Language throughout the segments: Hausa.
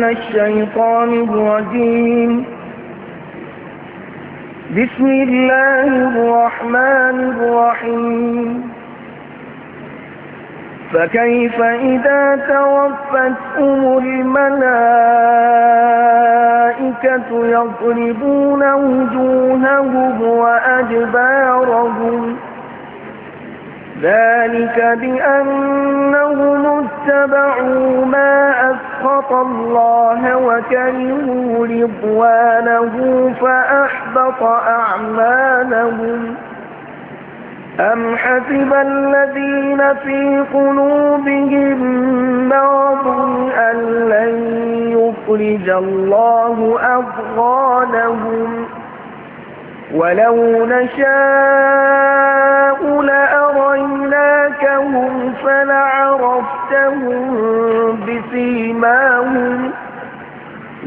من الشيطان الرجيم بسم الله الرحمن الرحيم فكيف إذا توفتهم الملائكة يضربون وجوههم وأدبارهم ذلك بأنهم اتبعوا ما أسخط الله وكرهوا رضوانه فأحبط أعمالهم أم حسب الذين في قلوبهم مرض أن لن يخرج الله أضغانهم ولو نشاء لأريناكهم فلعرفتهم بسيماهم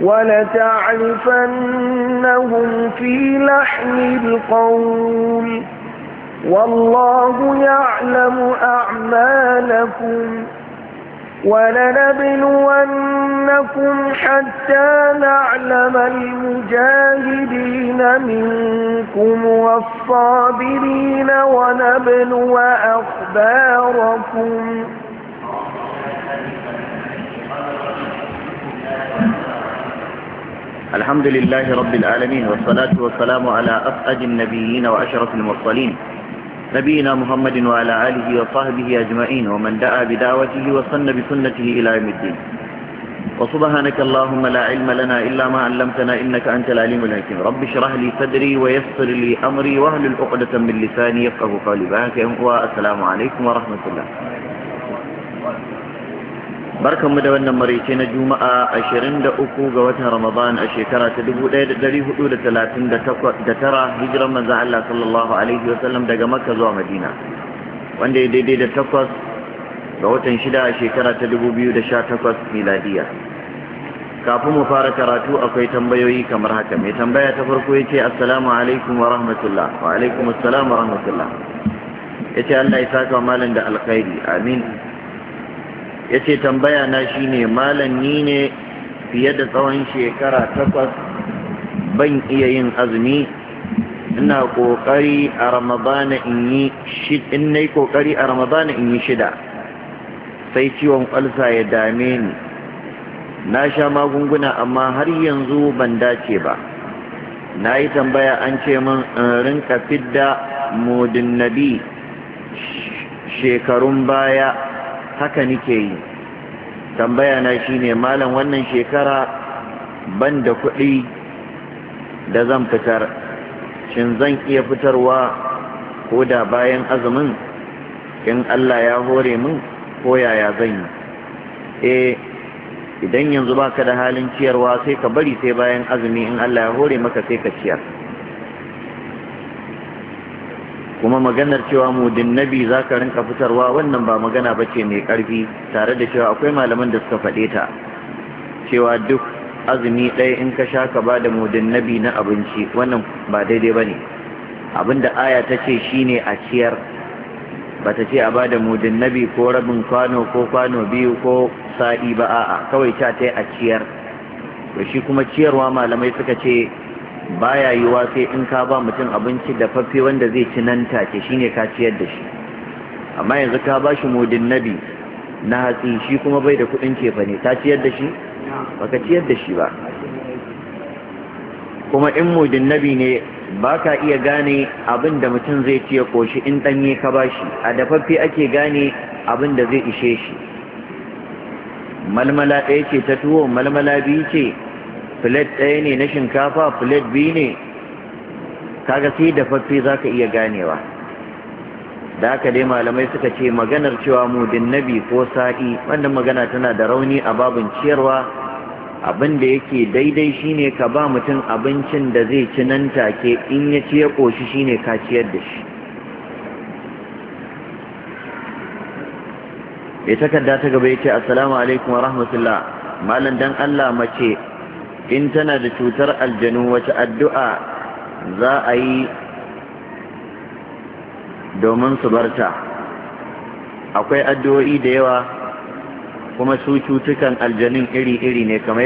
ولتعرفنهم في لحن القول والله يعلم أعمالكم ولنبلونكم حتى نعلم المجاهدين منكم والصابرين ونبلو أخباركم الحمد لله رب العالمين والصلاة والسلام على أفقد النبيين وأشرف المرسلين نبينا محمد وعلى آله وصحبه أجمعين ومن دعا بدعوته وصن بسنته إلى يوم الدين وسبحانك اللهم لا علم لنا إلا ما علمتنا إنك أنت العليم الحكيم رب اشرح لي صدري ويسر لي أمري واهل العقدة من لساني يفقه قولي بارك والسلام عليكم ورحمة الله barkanmu da wannan maraice na juma'a 23 ga watan ramadan a shekara ta 1439 hijiran manzan Allah sallallahu alaihi wasallam daga makka zuwa madina wanda ya daidai da takwas ga watan shida a shekara ta 2018 miladiya kafin mu fara karatu akwai tambayoyi kamar haka mai tambaya ta farko ya ce assalamu alaikum wa rahmatullah wa alaikum assalam wa rahmatullah ya ce Allah ya saka malam da alkhairi amin ya ce tambaya na shine malam ni ne fiye da tsawon shekara takwas ban iya yin azumi ina kokari a ramadana in yi in nayi kokari a ramadana in yi shida sai ciwon kwalsa ya dame ni na sha magunguna amma har yanzu ban dace ba na yi tambaya an ce min in rinka fidda mudin nabi shekarun baya haka nike yi tambaya na ne malam wannan shekara ban da kuɗi da zan fitar shin zan iya fitarwa ko da bayan azumin in Allah ya hore min ko yaya zan yi eh idan yanzu baka da halin ciyarwa sai ka bari sai bayan azumi in Allah ya hore maka sai ka ciyar kuma maganar cewa mudin nabi za ka rinka fitarwa wannan ba magana ba ce mai ƙarfi tare da cewa akwai malaman da suka faɗe ta cewa duk azumi ɗaya in ka sha ka ba da mudin nabi na abinci wannan ba daidai ba ne abinda aya ta ce shine a ciyar ba ta ce a ba da mudin nabi ko rabin kwano ko kwano biyu ko sa'i ba a'a kawai ta ta a ciyar to shi kuma ciyarwa malamai suka ce baya yiwa sai in ka ba mutum abinci da fafe wanda zai ci nan take shine ka ciyar da shi amma yanzu ka ba shi modin nabi na hatsi shi kuma bai da kudin kefa ne ta ciyar da shi baka ciyar da shi ba kuma in modin nabi ne baka iya gane abin da mutum zai ciye koshi in danye ka ba shi a dafaffe ake gane abin da zai ishe shi malmala ɗaya ce ta tuwo malmala biyu ce filet ɗaya ne na shinkafa filet biyu ne kaga sai da fafi za ka iya ganewa da haka dai malamai suka ce maganar cewa mudin nabi ko sa'i wannan magana tana da rauni a babin ciyarwa abin da yake daidai shine ka ba mutum abincin da zai ci nan take in ya ci ya ƙoshi shine ka ciyar da shi ya takarda ta gaba ya ce assalamu alaikum wa rahmatullah malam dan Allah mace in tana da cutar aljanu wata addu'a za a yi domin su barta akwai addu'o'i da yawa kuma su cutukan aljanun iri-iri ne kamar